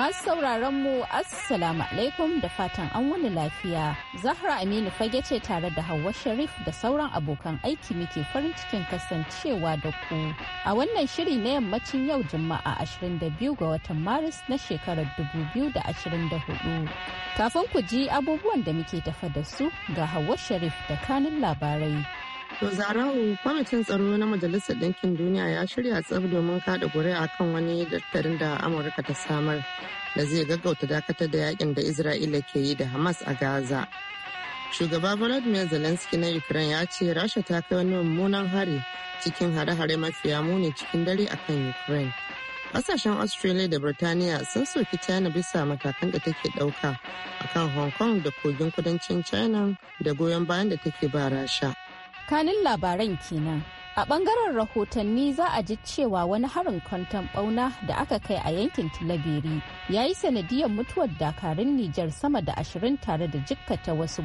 Masu sauraron mu Assalamu alaikum da fatan an wani lafiya. Zahra Aminu fage ce tare da Hauwa Sharif da sauran abokan aiki muke farin cikin kasancewa da ku. A wannan shiri na yammacin yau Juma'a 22 ga watan Maris na shekarar 2024. Kafin ku ji abubuwan da muke tafa da su ga hawa Sharif da kanin labarai. To zarau kwamitin tsaro na Majalisar Ɗinkin Duniya ya shirya tsaf domin kada ƙuri'a kan wani daftarin da Amurka ta samar da zai gaggauta dakatar da yakin da Isra'ila ke yi da Hamas a Gaza. Shugaba Volodymyr Zelensky na Ukraine ya ce Rasha ta kai wani mummunan hari cikin hare-hare mafiya muni cikin dare akan Ukraine. Kasashen Australia da Birtaniya sun soki China bisa matakan da take ɗauka akan Hong Kong da kogin kudancin China da goyon bayan da take ba Rasha. tsakanin labaran kenan a bangaren rahotanni za a ji cewa wani harin kwanton bauna da aka kai a yankin tilabiri ya yi sanadiyar mutuwar dakarun nijar sama da ashirin tare da jikkata wasu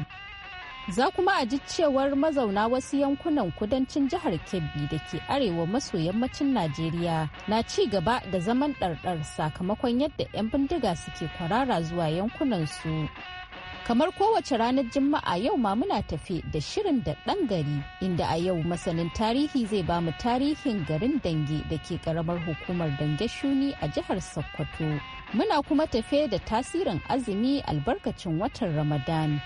za kuma a ji cewar mazauna wasu yankunan kudancin jihar kebbi da ke arewa maso yammacin najeriya na ci gaba da zaman ɗarɗar sakamakon yadda 'yan bindiga suke kwarara zuwa yankunan su kamar kowace ranar juma'a yau ma muna tafe da shirin da ɗan gari inda a yau masanin tarihi zai ba mu tarihin garin dange da ke karamar hukumar dange shuni a jihar sokoto muna kuma tafe da tasirin azumi albarkacin watan ramadan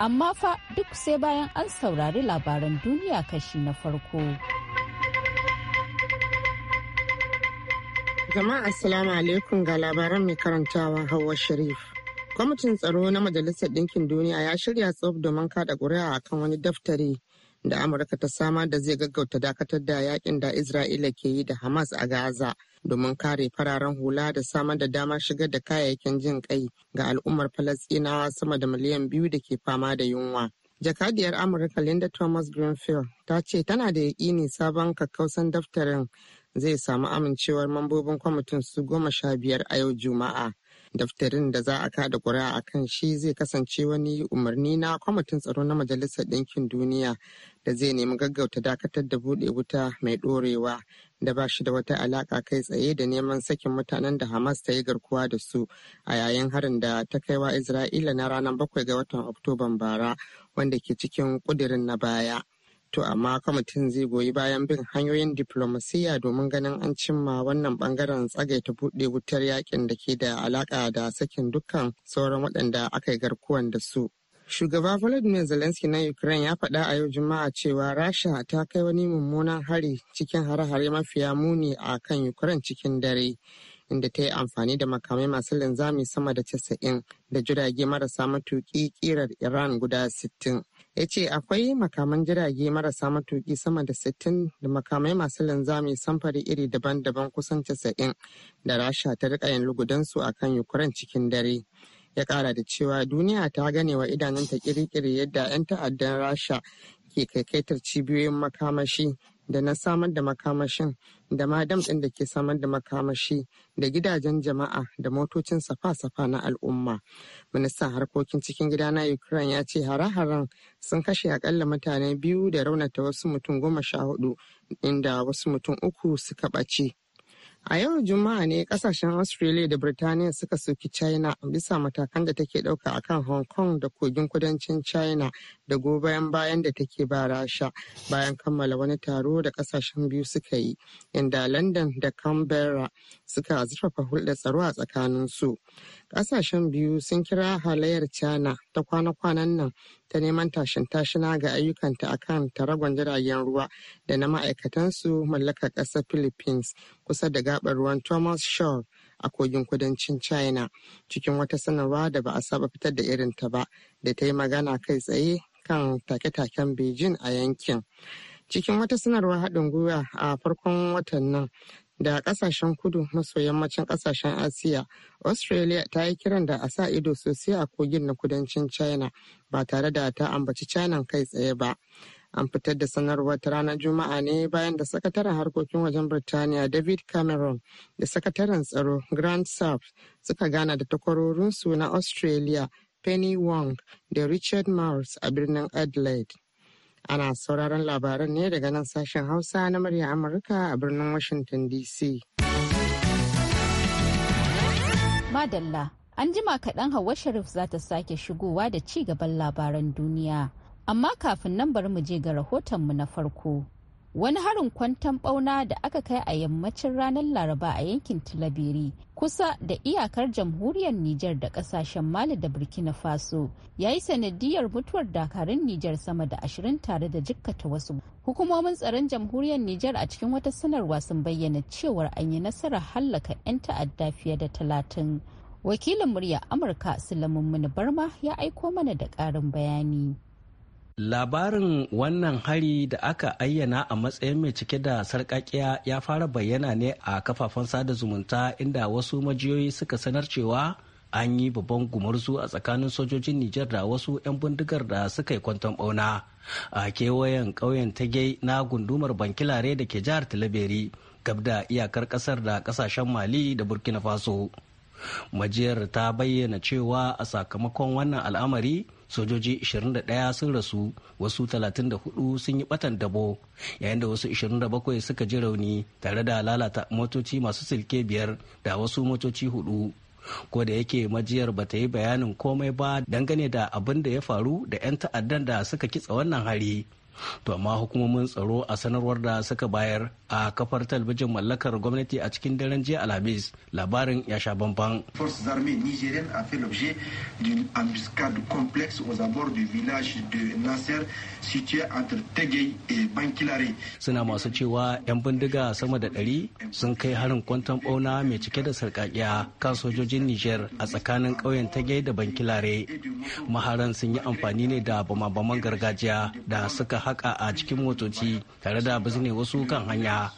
amma fa duk sai bayan an saurari labaran duniya kashi na farko jama'a assalamu alaikum ga labaran mai karantawa hawa sharif kwamitin tsaro na majalisar ɗinkin duniya ya shirya tsof domin kada ƙuri'a kan wani daftari da amurka ta samar da zai gaggauta dakatar da yakin da isra'ila ke yi da hamas a gaza domin kare fararen hula da samar da damar shigar da kayayyakin jin kai ga al'ummar falastinawa sama da miliyan biyu da ke fama da yunwa jakadiyar amurka linda thomas greenfield ta ce tana da yakini sabon kakkausan daftarin zai samu amincewar mambobin kwamitin su goma sha biyar a yau juma'a daftarin da za a kada ƙuri'a a kan shi zai kasance wani umarni na kwamitin tsaro na majalisar ɗinkin duniya da zai nemi gaggauta dakatar da buɗe wuta mai ɗorewa da ba shi da wata alaƙa kai tsaye da neman sakin mutanen da hamas ta yi garkuwa da su a yayin harin da ta kai wa isra'ila na ranar bakwai ga watan oktoban bara wanda ke cikin ƙudirin na baya To amma mutum zai goyi bayan bin hanyoyin diplomasiya domin ganin an cimma wannan bangaren tsagaita buɗe wutar yakin da ke da alaka da sakin dukkan sauran waɗanda aka yi garkuwan da su. Shugaba Volodymyr Zelensky na Ukraine ya faɗa a yau Juma'a cewa Rasha ta kai wani mummunan hari cikin hare-hare mafiya muni a kan Ukraine cikin dare. inda ta yi amfani da makamai masu linzami sama da casa'in da jirage marasa matuƙi ƙirar Iran guda sittin. ya ce akwai makaman jirage marasa matuƙi sama da 60 da makamai masu linzami samfari iri daban-daban kusan casa'in da rasha ta rika yin lugudansu a kan ukraine cikin dare ya ƙara da cewa duniya ta gane wa idanunta kirikiri yadda 'yan ta'addan rasha ke kaikaitar cibiyoyin makamashi da na samar da makamashin da madam ɗin da ke samar da makamashi da gidajen jama'a da motocin safa-safa na al'umma. Ministan harkokin cikin gida na Ukraine ya ce hare-haren sun kashe akalla mutane biyu da raunata wasu mutum goma sha hudu inda wasu mutum uku suka ɓace. A yau Juma'a ne kasashen Australia da Birtaniya suka soki China bisa matakan da take ɗauka akan Hong Kong da kogin kudancin China da gobayan bayan da take ba Rasha bayan kammala wani taro da kasashen biyu suka yi inda London da Canberra suka zurfafa hulɗa tsaro a tsakanin su Kasashen biyu sun kira halayyar China ta kwana-kwanan nan ta neman tashin tashina ga ayyukanta akan taragon jiragen ruwa da na ma'aikatansu mallakar ƙasar Philippines kusa da gabar ruwan Thomas Shore a kogin kudancin China cikin wata sanarwa da ba a saba fitar da irin ta ba da ta yi magana kai tsaye kan take-taken Beijing a yankin. Cikin wata sanarwar haɗin gwiwa a farkon watan nan da ƙasashen kudu maso yammacin ƙasashen asiya australia ta yi kiran da a sa ido sosai a kogin na kudancin china ba tare da ta ambaci china kai tsaye ba an fitar da sanarwar ta ranar juma'a ne bayan da sakataren harkokin wajen birtaniya david cameron da sakataren tsaro grand saf suka gana da takwarorinsu na australia penny wong da richard mars a birnin adelaide ana sauraron labaran ne daga nan sashen hausa na murya amurka a birnin washington dc madalla an jima kaɗan hawa sharif za ta sake shigowa da ci gaban labaran duniya Amma kafin nan bari mu je ga rahotonmu na farko. Wani harin kwantan bauna da aka kai a yammacin ranar Laraba a yankin Tilabiri kusa da iyakar jamhuriyar Nijar da kasashen Mali da Burkina Faso ya yi sanadiyar mutuwar dakarun Nijar sama da ashirin tare da jikkata wasu. Hukumomin tsaron jamhuriyar Nijar a cikin wata sanarwa sun bayyana cewar an yi nasarar hallaka 'yan ta'adda fiye da talatin. Wakilin murya Amurka Sulaiman Muni Barma ya aiko mana da ƙarin bayani. Labarin wannan hari da aka ayyana a matsayin mai cike da sarƙaƙiya ya fara bayyana ne a kafafen sada zumunta inda wasu majiyoyi suka sanar cewa an yi babban gumurzu a tsakanin sojojin Nijar da wasu 'yan bindigar da suka yi kwanton ɓauna a kewayen ƙauyen tage na gundumar Bankilare da ke jihar talabiri gab da iyakar ƙasar da ƙasashen Mali da Burkina Faso. Majiyar ta bayyana cewa a sakamakon wannan al'amari sojoji 21 sun rasu wasu 34 sun yi batan dabo yayin da wasu 27 suka ji rauni tare da lalata motoci masu silke biyar da wasu motoci hudu ko da yake majiyar ba ta yi bayanin komai ba dangane da abin da ya faru da 'yan ta'addan da suka kitsa wannan hari to amma hukumomin tsaro a sanarwar da suka bayar a kafar talabijin mallakar gwamnati a cikin daren jiya alhamis labarin ya sha bamban suna masu cewa 'yan bindiga sama da ɗari sun kai harin kwanton bauna mai cike da sarkakiya kan sojojin niger a tsakanin ƙauyen tage da bankilare maharan sun yi amfani ne da bama-baman gargajiya da suka haka a cikin motoci tare da bizne wasu kan hanya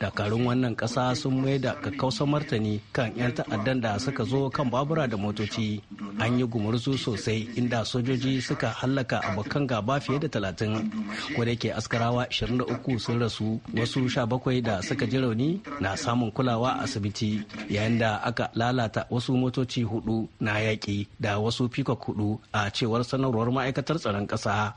dakarun wannan ƙasa sun mai da kakkausan martani kan 'yan ta'addan da suka zo kan babura da motoci an yi gumurzu sosai inda sojoji suka hallaka abokan gaba fiye da talatin da ke askarawa 23 sun rasu wasu 17 da suka ji rauni na samun kulawa a asibiti yayin da aka lalata wasu motoci hudu na yaƙi da wasu fikok hudu a cewar sanarwar ma'aikatar tsaron ƙasa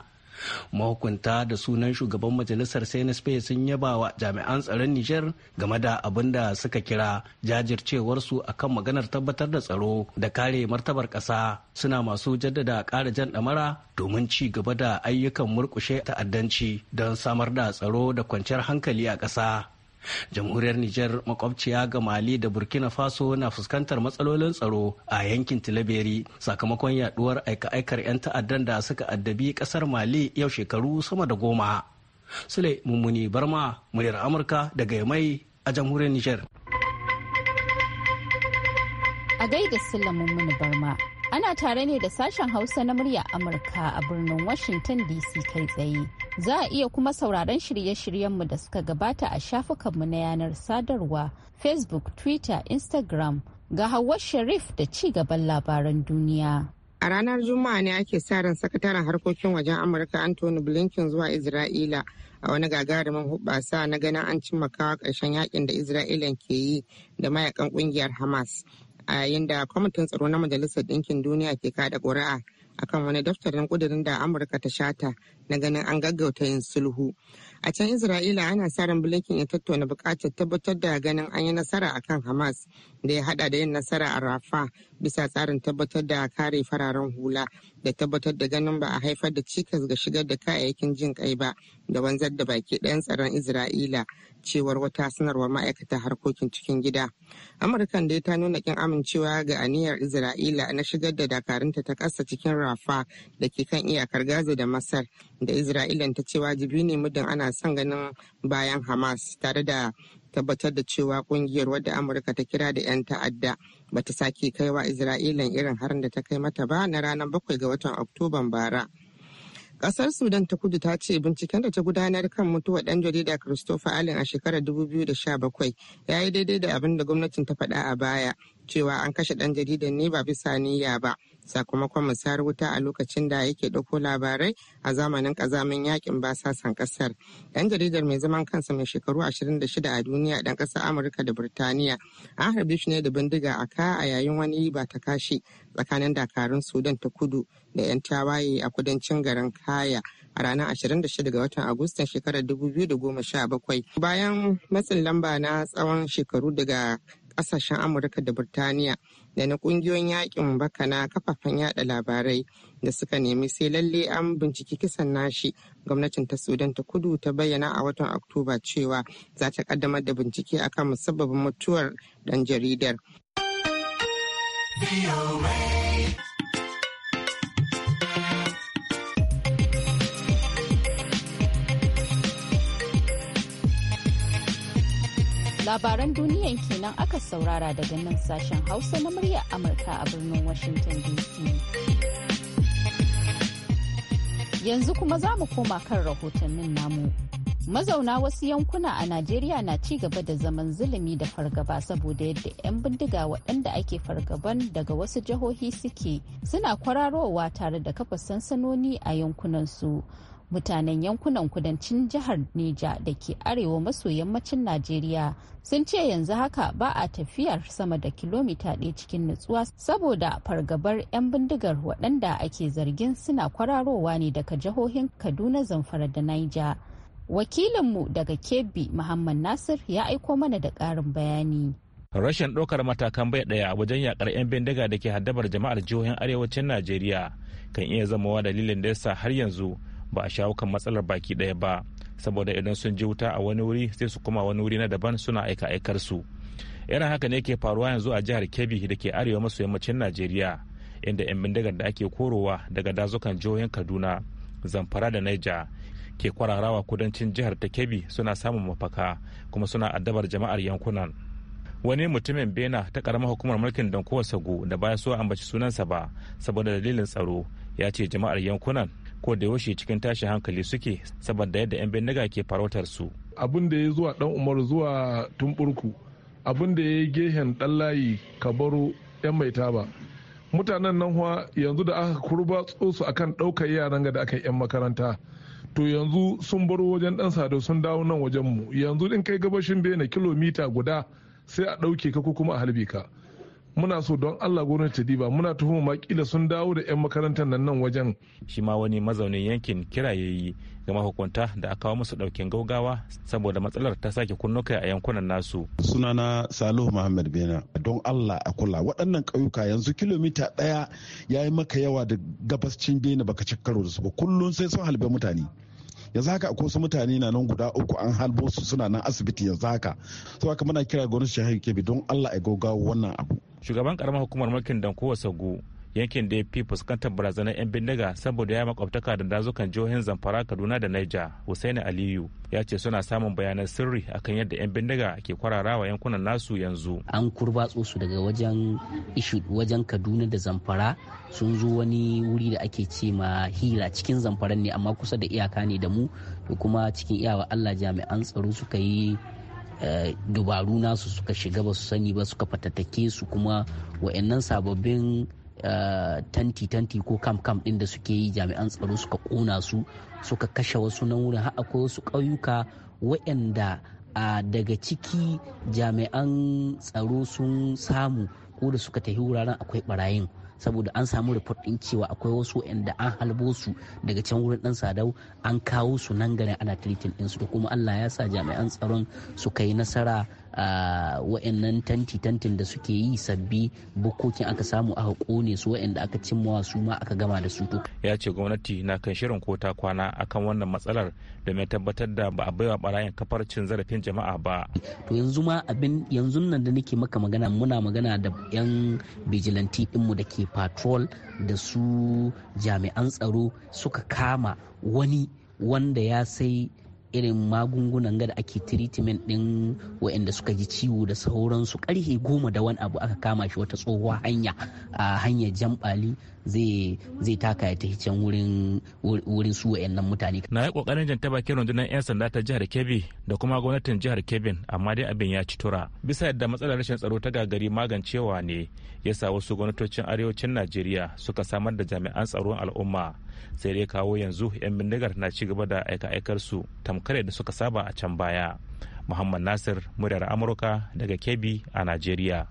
mahukunta da sunan shugaban majalisar Bay sun yaba wa jami'an tsaron niger game da abin da suka kira jajircewarsu akan maganar tabbatar da tsaro da kare martabar ƙasa suna masu jaddada ƙara jan ɗamara domin ci gaba da ayyukan murƙushe ta'addanci don samar da tsaro da kwanciyar hankali a ƙasa jamhuriyar niger makwabciya ga mali da burkina faso na fuskantar matsalolin tsaro a yankin tilaberi sakamakon yaduwar aika-aikar 'yan ta'addan da suka addabi kasar mali yau shekaru sama da goma sule mummuni barma muryar amurka daga mai a jamhuriyar niger a gaida sule mummuni barma ana tare ne da sashen hausa na murya amurka a birnin washington dc kai tsaye Za a iya kuma sauraron shirye-shiryenmu da suka gabata a shafukanmu na yanar sadarwa Facebook, Twitter, Instagram ga Hauwa Sharif da ci gaban labaran duniya. A ranar Juma'a ne ake sa ran sakataren harkokin wajen Amurka Anthony Blinken zuwa Isra'ila a wani gagarumin hubasa na ganin an cimma kawo ƙarshen yakin da Isra'ila ke yi da mayakan kungiyar Hamas. A yayin da kwamitin tsaro na Majalisar Ɗinkin Duniya ke kada ƙuri'a akan wani daftarin kudirin da amurka ta shata na ganin an gaggauta yin sulhu a can isra'ila ana sa ran blinken ya tattauna bukatar tabbatar da ganin an yi nasara akan hamas da ya hada da yin nasara a rafa bisa tsarin tabbatar da kare fararen hula da tabbatar da ganin ba a haifar da cikas ga shigar da kayayyakin jin kai ba da wanzar da baki ɗayan tsaron isra'ila cewar wata sanarwar ma'aikata harkokin cikin gida amurkan dai ta nuna kin amincewa ga aniyar isra'ila na shigar da dakarunta ta kasa cikin rafa da ke kan iyakar gaza da masar da isra'ilan ta cewa jibi ne muddin ana son ganin bayan hamas tare da tabbatar da cewa kungiyar wadda amurka ta kira da 'yan ta'adda bata sake kaiwa isra'ilan irin harin da ta kai mata ba na ranar bakwai ga watan oktoban bara kasar sudan ta kudu ta ce binciken da ta gudanar kan mutuwar dan jarida christopher allen a shekarar 2017 ya yi daidai da abin da gwamnatin ta faɗa a baya cewa an kashe dan jaridan ne ba bisa niyya ba sakamakon musayar wuta a lokacin da yake ɗauko labarai a zamanin ƙazamin yakin basasan ƙasar. Yan jaridar mai zaman kansa mai shekaru 26 a duniya ɗan ƙasar Amurka da Birtaniya an harbe shi ne da bindiga a ka a yayin wani ba ta kashi tsakanin dakarun Sudan ta kudu da 'yan tawaye a kudancin garin Kaya. a ranar 26 ga watan agustan shekarar 2017 bayan matsin lamba na tsawon shekaru daga kasashen amurka da burtaniya da na kungiyoyin yakin baka na kafafen yada labarai da suka nemi sai lalle an binciki kisan nashi gwamnatin ta sudan ta kudu ta bayyana a watan oktoba cewa za ta kaddamar da bincike akan musabbabin mutuwar dan jaridar. labaran duniyan kenan aka saurara daga nan sashen hausa na muryar amurka a birnin washington dc yanzu kuma za mu koma kan rahotannin namu mazauna wasu yankuna a najeriya na ci gaba da zaman zulumi da fargaba saboda yadda 'yan bindiga waɗanda ake fargaban daga wasu jihohi suke suna kwararowa tare da kafa sansanoni a yankunansu mutanen yankunan kudancin jihar neja da ke arewa maso yammacin najeriya sun ce yanzu haka ba a tafiyar sama da kilomita ɗaya cikin nutsuwa saboda fargabar 'yan bindigar waɗanda ake zargin suna kwararowa ne daga jihohin kaduna zamfara da niger wakilinmu daga kebbi muhammad nasir ya aiko mana da ƙarin bayani rashin ɗaukar matakan bai ɗaya wajen yakar 'yan bindiga da ke haddabar jama'ar jihohin arewacin najeriya kan iya wa dalilin da yasa har yanzu ba a shawo kan matsalar baki ɗaya ba saboda idan sun ji wuta a wani wuri sai su koma wani wuri na daban suna aika aikar su irin haka ne ke faruwa yanzu a jihar kebbi da ke arewa maso yammacin najeriya inda 'yan bindigar da ake korowa daga dazukan jihohin kaduna zamfara da niger ke kwararawa kudancin jihar ta kebbi suna samun mafaka kuma suna addabar jama'ar yankunan wani mutumin bena ta karamar hukumar mulkin dankowa sagu da baya so ambaci sunansa ba saboda dalilin tsaro ya ce jama'ar yankunan ko da yaushe cikin tashin hankali suke saboda yadda 'yan bindiga ke farautar su abin da ya zuwa dan umar zuwa tumburku abin da ya yi gehen dan layi baro 'yan mai taba mutanen nan huwa yanzu da aka kurba su akan ɗaukar yaran ga da aka 'yan makaranta to yanzu sun baro wajen dan sado sun dawo nan wajen mu yanzu din kai gabashin bene kilomita guda sai a ɗauke ka ko kuma a halbe ka muna so don Allah gona ta diba muna tuhuma ma kila sun dawo da 'yan makarantar nan nan wajen. Shi ma wani mazaunin yankin kira ya yi ga mahukunta da aka kawo musu daukin gaugawa saboda matsalar ta sake kunnuka a yankunan nasu. Sunana Salihu Muhammad Bena don Allah a kula waɗannan ƙauyuka yanzu kilomita ɗaya ya yi maka yawa da gabascin Bena baka cika karo da su ba kullum sai sun halbe mutane. yanzu haka akwai wasu mutane na nan guda uku an halbo su suna nan asibiti yanzu haka so haka muna kira gwamnati jihar kebbi don allah a gaugawa wannan abu shugaban karamar hukumar mulkin dankowa sagu yankin da ya fi fuskantar barazanar 'yan bindiga saboda ya makwabtaka da dazukan jihohin zamfara kaduna da naija hussaini aliyu ya ce suna samun bayanan sirri akan yadda 'yan bindiga ke kwararawa yankunan nasu yanzu an kurbatso su daga wajen wajen kaduna da zamfara sun zo wani wuri da ake ce ma hira cikin zamfaran ne amma kusa da iyaka ne da mu da kuma cikin iyawa allah jami'an tsaro suka yi Eh, dubaru nasu suka shiga ba su sani ba suka fatattake su kuma wa'annan sababbin eh, tanti-tanti ko kam-kam ɗin da suke yi jami'an tsaro suka ƙona su suka kashe wasu na wurin har akwai wasu ƙauyuka wa'anda a daga ciki jami'an tsaro sun samu ko da suka tafi wuraren akwai ɓarayin saboda an samu report din cewa akwai wasu da an halbo su daga can wurin dan sadau an kawo su nan gare ana treating din su kuma Allah ya sa jami'an tsaron su kai nasara wa'annan tanti-tantin da suke yi sabbi bukokin aka samu aka kone su wa'anda aka cimma su ma aka gama da su ya ce gwamnati na kan shirin kota kwana akan wannan matsalar domin tabbatar da ba a baiwa barayin kafar cin zarafin jama'a ba to yanzu ma abin yanzu nan da nake maka magana muna magana da yan bijilanti dinmu da ke patrol da su jami'an tsaro suka kama wani wanda ya sai irin magungunan ga da ake treatment din waɗanda suka ji ciwo da sauransu karhe goma da wani abu aka kama shi wata tsohuwa hanya a hanyar jambali zai taka ya tafi can wurin su nan mutane na yi kokarin janta bakin rundunar yan sanda ta jihar kebbi da kuma gwamnatin jihar kebbi amma dai abin ya ci tura bisa yadda matsalar rashin tsaro ta gagari magancewa ne ya sa wasu gwamnatocin arewacin najeriya suka samar da jami'an tsaron al'umma sai dai kawo yanzu 'yan bindigar na ci gaba da aika-aikar su tamkare da suka saba a can baya muhammad nasir muryar amurka daga kebbi a najeriya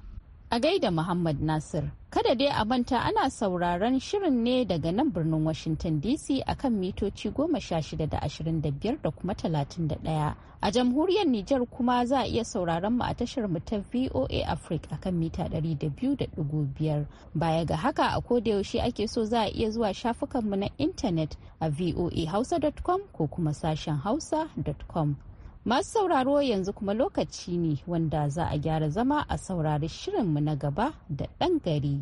a gaida Muhammad Nasir. Kada dai a manta ana sauraron shirin ne daga nan birnin Washington DC akan mitoci goma sha shida da ashirin da biyar da kuma talatin da ɗaya. A jamhuriyar Nijar kuma za a iya sauraron mu a tashar mu ta VOA Africa akan mita ɗari da biyu da ɗigo biyar. Baya ga haka a koda yaushe ake so za a iya zuwa shafukanmu na intanet a voahausa.com ko kuma sashen hausa.com. Masu sauraro yanzu kuma lokaci ne wanda za a gyara zama a saurari shirinmu na gaba da ɗan gari.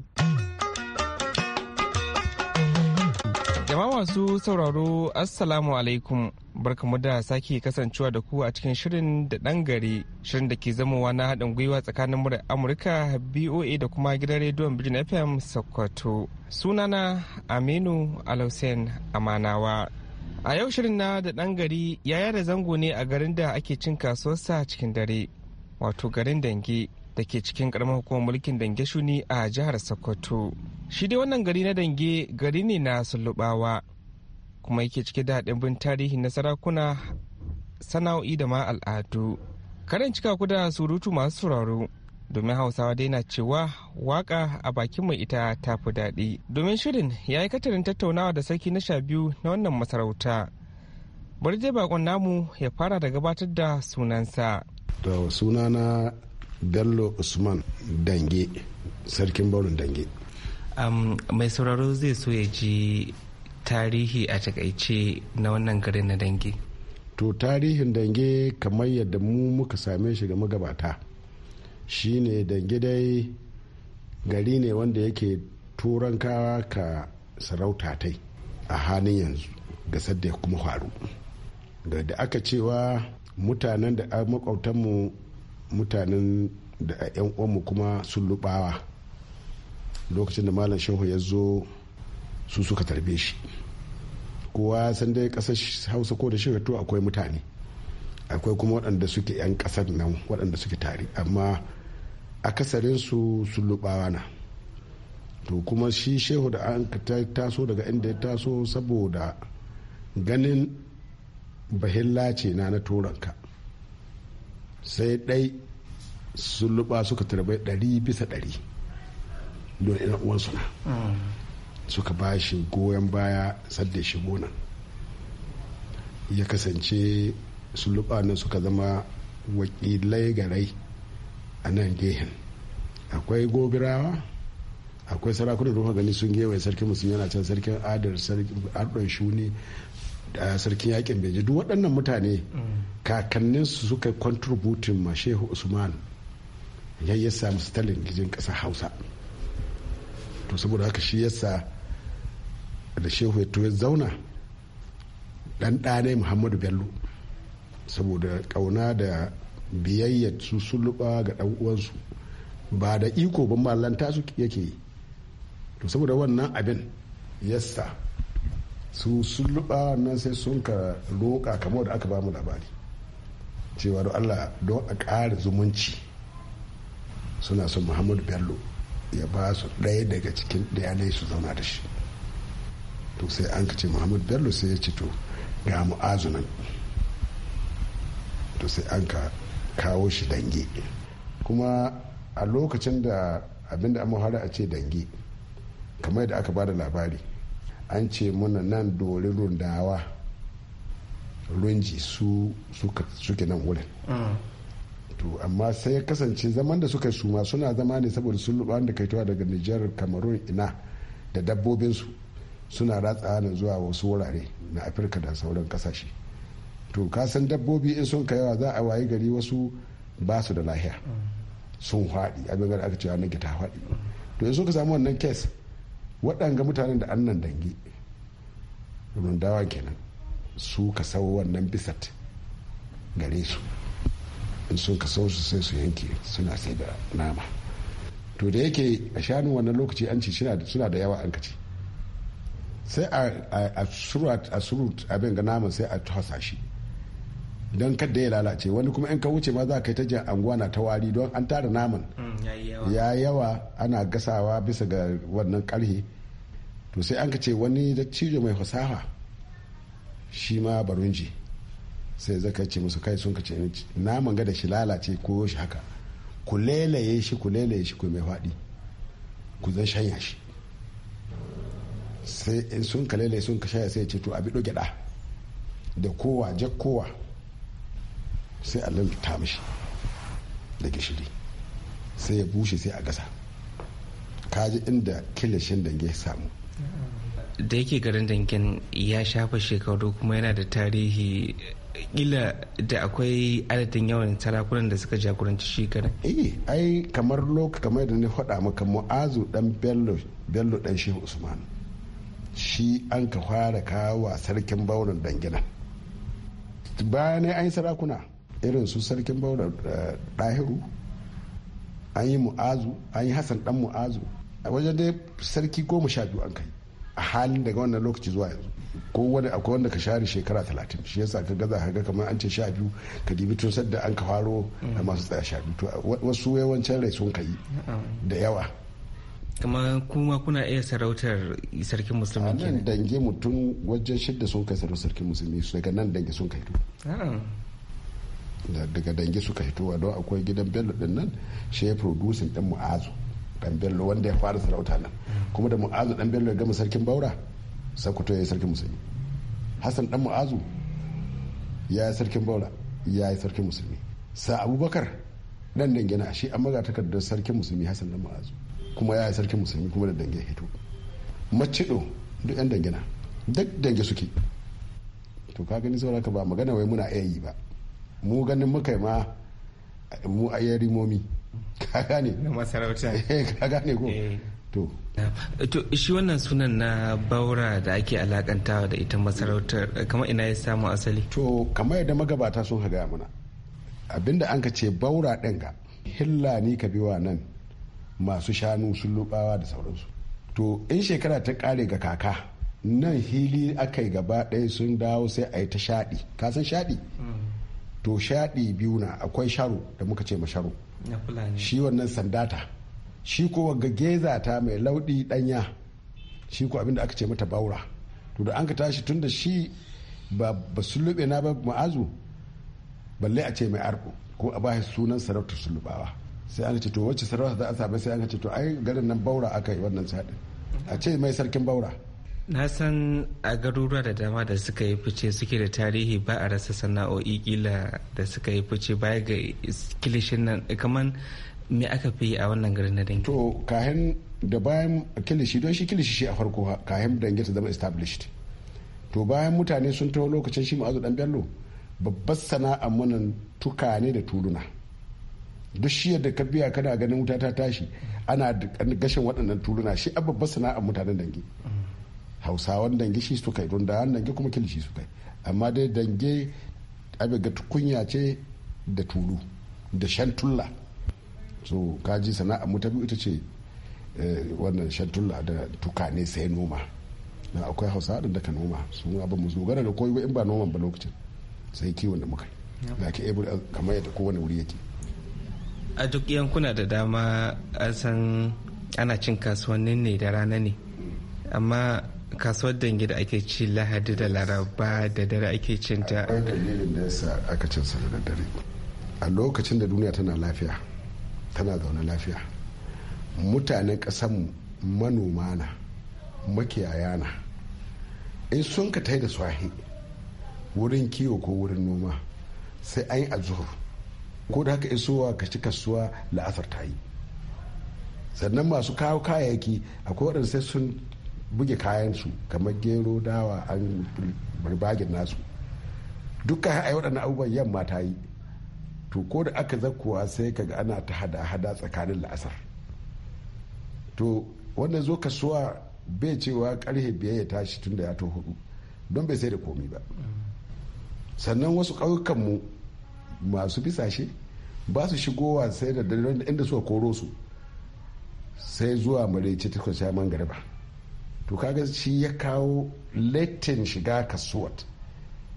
Jama'a masu sauraro Assalamu alaikum barkamu da sake kasancewa da ku a cikin shirin da ɗan gari shirin da ke zamowa na haɗin gwiwa tsakanin murar Amurka BOA da kuma gidan rediyon Bijin FM Sokoto. Sunana Aminu Alhussein Amanawa. a yau shirin na da ɗan gari yaya da zango ne a garin da ake cin kasuwarsa cikin dare wato garin dange da ke cikin karamar hukumar mulkin dange shuni a jihar sokoto shi dai wannan gari na dange gari ne na sulubawa kuma yake cike da bin tarihi na sarakuna sana'o'i da ma al'adu karin cika ku da surutu masu sauraro domin hausawa daina cewa waka a bakin mai ita ta fi daɗi domin shirin ya yi katarin tattaunawa da sarki na sha biyu na wannan masarauta bari je bakon namu ya fara da gabatar da sunansa to sunana bello usman dange sarkin baurin dange mai sauraro zai so ya ji tarihi a takaice na wannan garin na dange to tarihin dange kamar yadda mu muka same shi ga magabata shine dange gari ne wanda yake turankawa ka sarauta tai a hannun yanzu ga sadda kuma faru ga da aka cewa mutanen da makwautanmu mutanen da a yan uwanmu kuma sun lubawa lokacin da malam shehu ya zo su suka tarbe shi kowa san dai kasar hausa ko da shirya akwai mutane akwai kuma waɗanda suke 'yan ƙasar nan waɗanda suke tare amma kasarin su lubawa na to kuma shi shehu da an taso daga inda ya taso saboda ganin bahilla ce na na turanka sai dai sulluba suka tarbe ɗari bisa ɗari don ina uwansu na suka ba shi goyon baya sadda shi nan ya kasance sulluba nan suka zama wakilai garai a nan gehen akwai gobirawa akwai sarakunan rufa gani sun gewaye sarkin musulmi yana can sarkin adar sarkin shuni da sarkin yakin beji duk waɗannan mutane kakannin su suka kontributin ma shehu usman ya yi samu stalin gijin ƙasar hausa to saboda haka shi yasa da shehu ya tuwe zauna ɗan ɗanai muhammadu bello saboda ƙauna da biyayyar su sulluɓa ga ɗan uwansu ba da iko ba mallanta su yake yi to saboda wannan abin yasa su sulluɓa nan sai sun ka roƙa kamar da aka ba mu labari cewa don allah don a ƙara zumunci suna son muhammadu bello ya ba su ɗaya daga cikin ɗayanai su zauna da shi to sai an ka ce muhammadu bello sai ya ce to ga mu azunan to sai an ka kawo shi dange kuma a lokacin da abin da amuhara a ce dange kamar da aka bada labari an ce muna nan dorin rundawa runji su suke nan wurin mm. to amma sai ya kasance zaman da suka suma suna zama ne saboda sun lubar da kaitowa daga nijar cameroon ina da dabbobinsu suna ratsa nan zuwa wasu wurare na afirka da sauran kasashe to kasan dabbobi in sun yawa za a wayi gari wasu ba su da lahiya sun haɗi abin da aka cewa nage ta haɗi to in suka samu wannan kes waɗanga mutanen da annan dangi dawa kenan su ka sau wannan bisat gare su in sun ka sau su sai su yanke suna sai da nama to da yake a shanun wannan lokaci an ci suna da yawa an kaci sai a surut abin ga naman sai a tasa shi don kadda ya lalace wani kuma in ka wuce ma za ka yi ta jin anguwa na ta wari don an tara naman mm, ya yawa ana gasawa bisa ga wannan karhe to sai an ka ce wani dattijo mai fasaha shi ma barunji sai zaka ce musu kai sun ka ce naman ga da shi lalace ko shi haka ku lelaye shi ku lelaye shi ku mai faɗi ku zan shanya shi sai in sun ka lelaye sun ka shanya sai ce to abi ɗo gyaɗa da kowa jakkowa. sai a lalata mishi da gishiri sai ya bushe sai a gasa kaji inda kilishin dange ya samu da yake garin dangin ya shafa shekaru kuma yana da tarihi kila da akwai adadin yawan sarakunan da suka jagoranci shi garin eh, ai kamar loka kamar da na faɗa maka mu'azu dan bello dan shehu usman shi an ka fara kawo sarkin baunan dangina bayan an yi sarakuna irin su sarkin baura ɗahiru eh, an yi mu'azu an yi hassan dan mu'azu a wajen dai sarki goma sha biyu an kai a halin daga wannan lokaci zuwa yanzu ko wani akwai wanda ka share shekara talatin shi yasa ka gaza ka ga kamar an ce sha biyu ka dibi tun sadda an ka faro mm. da masu tsaya sha biyu wasu yawancin rai sun kai da yawa kuma kuma kuna iya sarautar sarkin musulmi kenan dange mutum wajen shidda sun kai sarautar sarkin musulmi daga nan dange sun kai daga dangi suka wa don akwai gidan bello din nan shi ya producing din mu'azu dan bello wanda ya fara sarauta nan kuma da mu'azu dan bello ya gama sarkin baura sakuto ya yi sarkin musulmi hassan dan mu'azu ya yi sarkin baura ya yi sarkin musulmi sa abubakar dan dangina shi an maga takardar sarkin musulmi hassan dan mu'azu kuma ya yi sarkin musulmi kuma da dange hito macido duk yan dangina duk dangi suke to ka gani sauraka ba magana wai muna iya yi ba mu ganin muka ma mu a momi ka gane masarauta eh, ka ne ko eh. to to shi wannan sunan na baura da ake alakantawa da ita masarautar kamar ina ya samu asali to kamar yadda magabata sun haga mana abinda an ka ce baura ɗin ga ka biwa nan masu shanu sun lubawa da sauransu to in shekara ta kare ga kaka nan hili aka yi gaba ɗaya sun dawo sai a yi ta shaɗi kasan shaɗi mm. to shaɗi biyu na akwai sharo da muka ce masharo shi wannan sandata shi ko ga geza ta mai lauɗi ɗanya shi ko abinda aka ce mata baura to da an ka tashi tun da shi ba sulube na ba ma'azu balle a ce mai arko ko a ba sunan sarautar sulubawa sai an ce to wacce sarauta za a sami sai an ce to ai garin nan baura aka yi wannan sadin a ce mai sarkin baura na san a garuruwa da dama da suka yi fice suke da tarihi ba a rasa sana'o'i kila da suka yi fice baya ga kilishin nan kamar me aka fi a wannan garin na dangi to kahin da bayan kilishi don shi kilishi shi a farko kayan dangi ta zama established to bayan mutane sun taho lokacin shi ma'azu dan bello babbar sana'a munan tukane da tuluna duk shi yadda ka biya kana ganin wuta ta tashi ana gashin waɗannan tuluna shi a babbar sana'ar mutanen dangi hausawan dange shi su kai don da dange kuma kilishi su kai amma dai dange abin ga tukunya ce da tulu da shantulla so kaji sana'a mu ta biyu ita ce eh, wannan shantulla da tukane sai noma na akwai hausa da daga noma sun abu mu zogara da koyi in ba noman ba lokacin sai kiwon da muka yi da ke kamar yadda kowane wuri yake a duk yankuna da dama an san ana cin kasuwannin ne da rana ne amma kasuwar dangi da ake ci lahadi da laraba da dare ake cinta akwai dalilin da yasa aka cin sa da dare a lokacin da duniya tana lafiya tana zaune lafiya mutanen kasan manoma na makiyaya na in sun ka tai da swahi wurin kiwo ko wurin noma sai an yi azuhur ko da haka isowa ka ci kasuwa la'asar ta yi sannan masu kawo kayayyaki akwai waɗanda sai sun buge kayansu kamar gero dawa an birbagin nasu dukkan ai waɗannan abubuwan yamma ta yi to ko da aka zakuwa sai kaga ana ta hada-hada tsakanin la'asar to wannan zo kasuwa bai cewa karhe biyar ya tashi tun da ya to hudu don bai sai da komi ba sannan wasu ƙauyukanmu masu bisashe ba su shigowa sai da daren inda suka koro su sai zuwa maraice ta kwanciya gariba to kaga shi ya kawo latin shiga kasuwa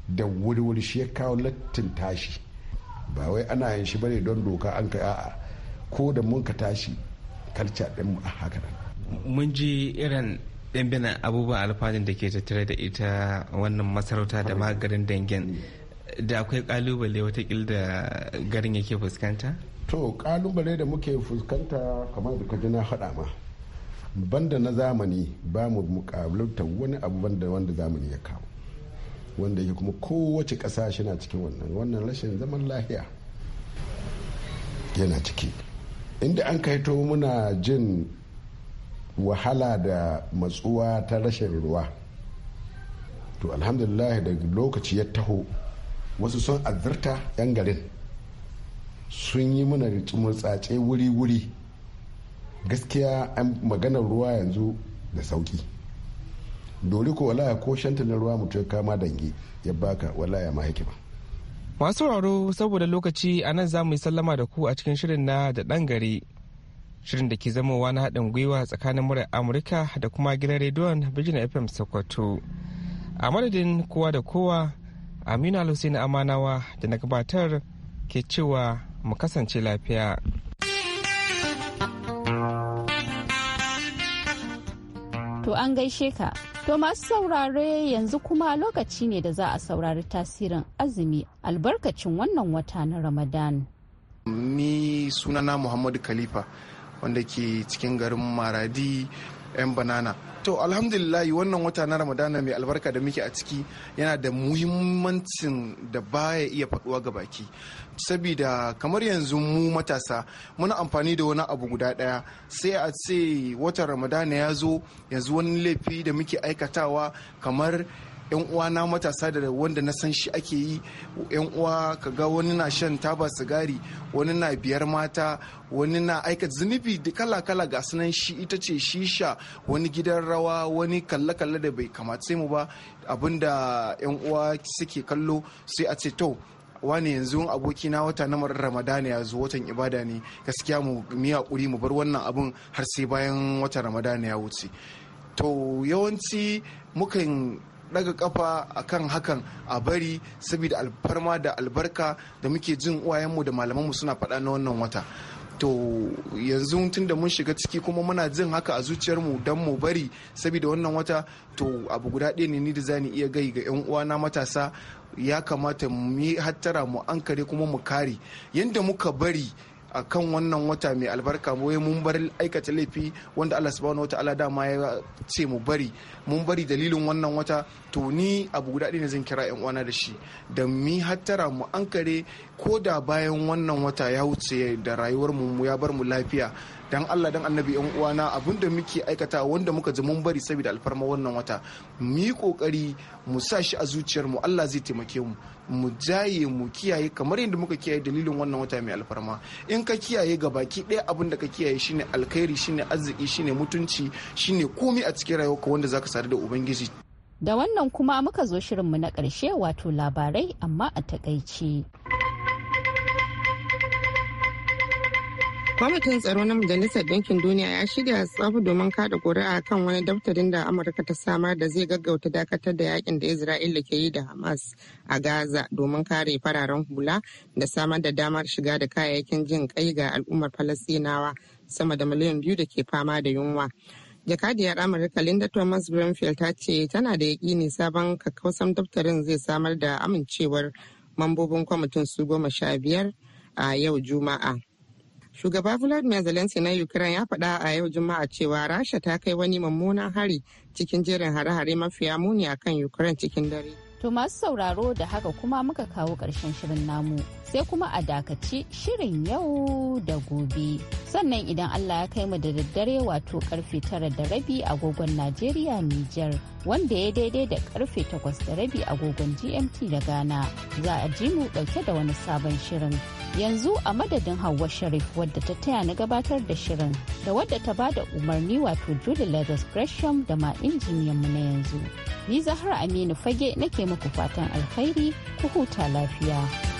da wuri-wuri shi ya kawo latin tashi ba wai ana yin shi bane don doka an ka a'a ko da mun ka tashi kalca din mu a haka nan mun ji irin ɗanbina abubuwan alfanun da ke tattare da ita wannan masarauta da maganin dangin da akwai kalubale watakil da garin yake fuskanta to kalubale da muke fuskanta kamar da ka na haɗa ma banda na zamani ba mu mukabalta wani abu banda wanda zamani ya kawo wanda yake kuma kowace ƙasa na cikin wannan wannan rashin zaman lahiya yana ciki inda an kaito muna jin wahala da matsuwa ta rashin ruwa to alhamdulillah da lokaci ya taho wasu sun azurta 'yan garin sun yi mana tsace wuri-wuri gaskiya an magana ruwa yanzu da sauki dori ko wala ko shanta na ruwa mutum kama dangi ya baka ya ma hikima masu raro saboda lokaci a nan za mu yi sallama da ku a cikin shirin na da ɗan gari shirin da ke zamowa na haɗin gwiwa tsakanin murar amurka da kuma gidan rediyon bijin fm sokoto a madadin kowa da kowa aminu alhussein amanawa da na gabatar ke cewa mu kasance lafiya To an gaishe ka. To masu saurare yanzu kuma lokaci ne da za a saurari tasirin azumi albarkacin wannan wata na Ramadan. Ni sunana Muhammadu Khalifa wanda ke cikin garin Maradi 'yan banana to alhamdulillah wannan wata na ramadana mai albarka da muke a ciki yana da muhimmancin da baya iya faduwa ga baki sabida kamar yanzu mu matasa muna amfani da wani abu guda daya sai a ce watan ramadana ya zo yanzu wani laifi da muke aikatawa kamar yan uwa na matasa da wanda na san shi ake yi yan uwa ka ga wani na shan taba sigari wani na biyar mata wani na aika zunubi da kala kala ga sunan shi ita ce shisha wani gidan rawa wani kalle kalle da bai kamata sai mu ba abinda yan uwa suke kallo sai a ce to wani yanzu aboki na wata na ramadana ya zo watan ibada ne gaskiya mu miya kuri mu bar wannan abun har sai bayan watan ramadana ya wuce to yawanci mukan daga kafa akan hakan a bari saboda alfarma da albarka da muke jin uwayenmu da malamanmu suna faɗa na wannan wata to yanzu tun da mun shiga ciki kuma muna jin haka a zuciyarmu don mu bari saboda wannan wata to abu guda ɗaya ne ni da zani iya gai ga 'yan uwana matasa ya kamata mu yi hattara mu ankare kuma mu kare yadda muka bari a kan wannan wata mai albarka mu mun bar aikata laifi wanda Allah subhanahu wataala dama ya ce mu bari mun bari dalilin wannan wata to ni abu guda ne zan kira yan uwana da shi da mi hattara mu ankare ko da bayan wannan wata ya wuce da rayuwar mu ya bar mu lafiya dan Allah dan annabi yan uwana abinda muke aikata wanda muka ji mun bari saboda alfarma wannan wata mu yi kokari mu sa shi a zuciyar mu Allah zai taimake mu mu jaye mu kiyaye kamar yadda muka kiyaye dalilin wannan wata mai alfarma in ka kiyaye ga baki ɗaya abin da ka kiyaye shine alkhairi shine arziki shine mutunci shine komai a cikin rayuwarka wanda zaka sadu da ubangiji da wannan kuma muka zo shirin mu na ƙarshe wato labarai amma a takaice. kwamitin tsaro na majalisar ɗinkin duniya ya shirya tsafi domin kada ƙuri'a kan wani daftarin da amurka ta samar da zai gaggauta dakatar da yakin da isra'ila ke yi da hamas a gaza domin kare fararen hula da samar da damar shiga da kayayyakin jin kai ga al'ummar falastinawa sama da miliyan biyu da ke fama da yunwa jakadiyar amurka linda thomas greenfield ta ce tana da yaƙini sabon kakkausan daftarin zai samar da amincewar mambobin kwamitin su goma sha biyar a yau juma'a Shugaba Vladimir Zelensky na Ukraine ya faɗa a yau Juma'a cewa Rasha ta kai wani mummunan hari cikin jerin hare-hare mafiya muni a kan Ukraine cikin dare. To masu sauraro da haka kuma muka kawo ƙarshen shirin namu sai kuma a dakaci shirin yau da gobe. Sannan idan Allah ya kai mu da daddare wato karfe tara da rabi agogon Najeriya Nijar wanda ya daidai da karfe takwas da rabi agogon GMT da Ghana za a ji mu ɗauke da wani sabon shirin. yanzu a madadin Hauwa Sharif wadda ta taya na gabatar da shirin da wadda ta ba da umarni wato Julie lagos Gresham da ma injiniyan mu na yanzu. Ni Zahra Aminu Fage nake muku fatan alkhairi ku huta lafiya.